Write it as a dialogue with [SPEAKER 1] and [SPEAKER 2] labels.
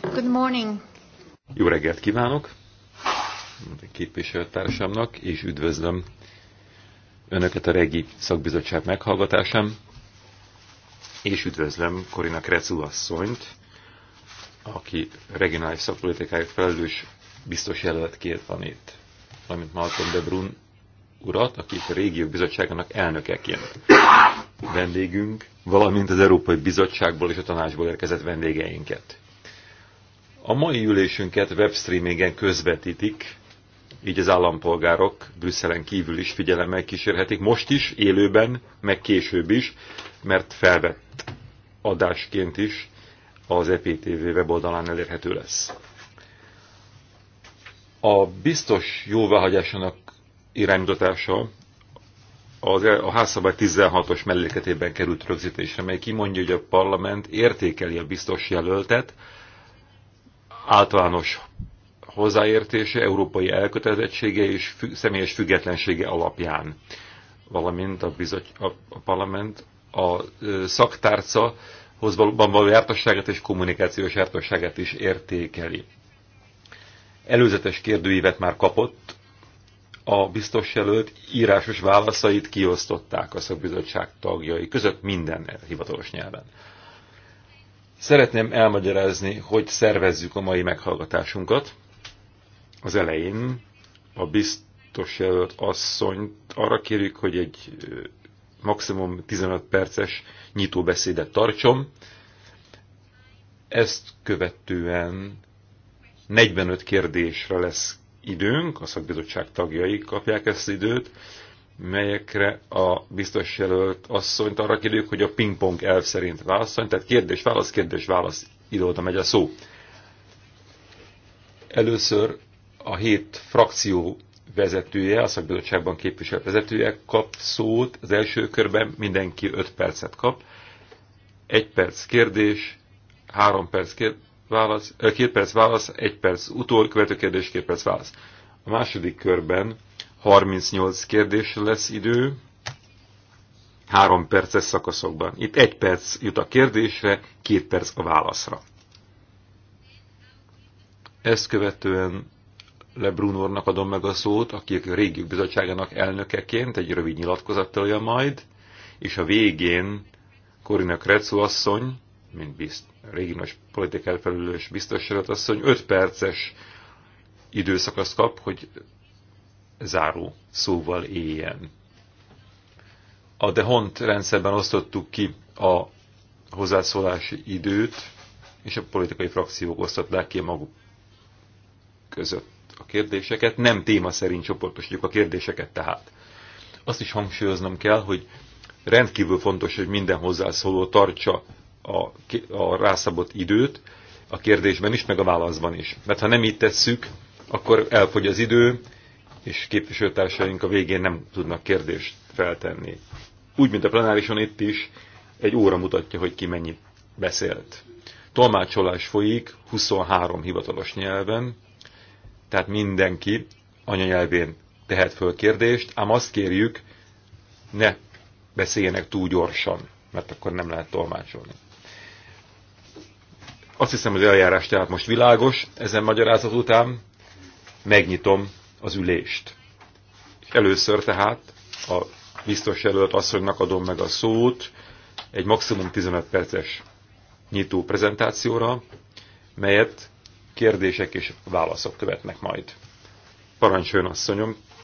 [SPEAKER 1] Good morning. Jó reggelt kívánok képviselőtársamnak, és üdvözlöm Önöket a Regi Szakbizottság meghallgatásán, és üdvözlöm Korina Krecu asszonyt, aki regionális szakpolitikáért felelős biztos jelöltként van itt, valamint Malcolm de Brun urat, aki a Régiók Bizottságának elnökeként vendégünk, valamint az Európai Bizottságból és a Tanácsból érkezett vendégeinket. A mai ülésünket webstreamingen közvetítik, így az állampolgárok Brüsszelen kívül is figyelemmel kísérhetik, most is, élőben, meg később is, mert felvett adásként is az EPTV weboldalán elérhető lesz. A biztos jóváhagyásának irányítása, az, e- a házszabály 16-os mellékletében került rögzítésre, mely kimondja, hogy a parlament értékeli a biztos jelöltet, általános hozzáértése, európai elkötelezettsége és fü személyes függetlensége alapján, valamint a, bizony, a, a parlament a ö, szaktárca hozban való jártasságát és kommunikációs jártasságát is értékeli. Előzetes kérdőívet már kapott, a biztos jelölt írásos válaszait kiosztották a szakbizottság tagjai között minden hivatalos nyelven. Szeretném elmagyarázni, hogy szervezzük a mai meghallgatásunkat. Az elején a biztos jelölt asszonyt arra kérjük, hogy egy maximum 15 perces nyitóbeszédet tartson. Ezt követően 45 kérdésre lesz időnk, a szakbizottság tagjai kapják ezt az időt, melyekre a biztos jelölt asszonyt arra kérjük, hogy a pingpong elv szerint válaszol, tehát kérdés-válasz, kérdés-válasz, ide-oda megy a szó. Először a hét frakció vezetője, a szakbizottságban képviselt vezetője kap szót, az első körben mindenki 5 percet kap. Egy perc kérdés, három perc válasz, két perc válasz, egy perc utol, követő kérdés, két perc válasz. A második körben 38 kérdésre lesz idő, három perces szakaszokban. Itt egy perc jut a kérdésre, két perc a válaszra. Ezt követően Lebrunornak adom meg a szót, aki a régi bizottságának elnökeként egy rövid nyilatkozat majd, és a végén Korina Kretszó asszony, mint bizt, régi nagy politikai felülős biztos asszony, 5 perces időszakaszt kap, hogy záró szóval éljen. A Dehont rendszerben osztottuk ki a hozzászólási időt, és a politikai frakciók osztották ki maguk között a kérdéseket, nem téma szerint csoportosítjuk a kérdéseket tehát. Azt is hangsúlyoznom kell, hogy rendkívül fontos, hogy minden hozzászóló tartsa a, a rászabott időt a kérdésben is, meg a válaszban is. Mert ha nem így tesszük, akkor elfogy az idő, és képviselőtársaink a végén nem tudnak kérdést feltenni. Úgy, mint a plenárison itt is, egy óra mutatja, hogy ki mennyi beszélt. Tolmácsolás folyik 23 hivatalos nyelven, tehát mindenki anyanyelvén tehet föl kérdést, ám azt kérjük, ne beszéljenek túl gyorsan, mert akkor nem lehet tolmácsolni. Azt hiszem, az eljárás tehát most világos, ezen magyarázat után megnyitom az ülést. Először tehát a biztos jelölt asszonynak adom meg a szót egy maximum 15 perces nyitó prezentációra, melyet kérdések és válaszok követnek majd. Parancsoljon asszonyom,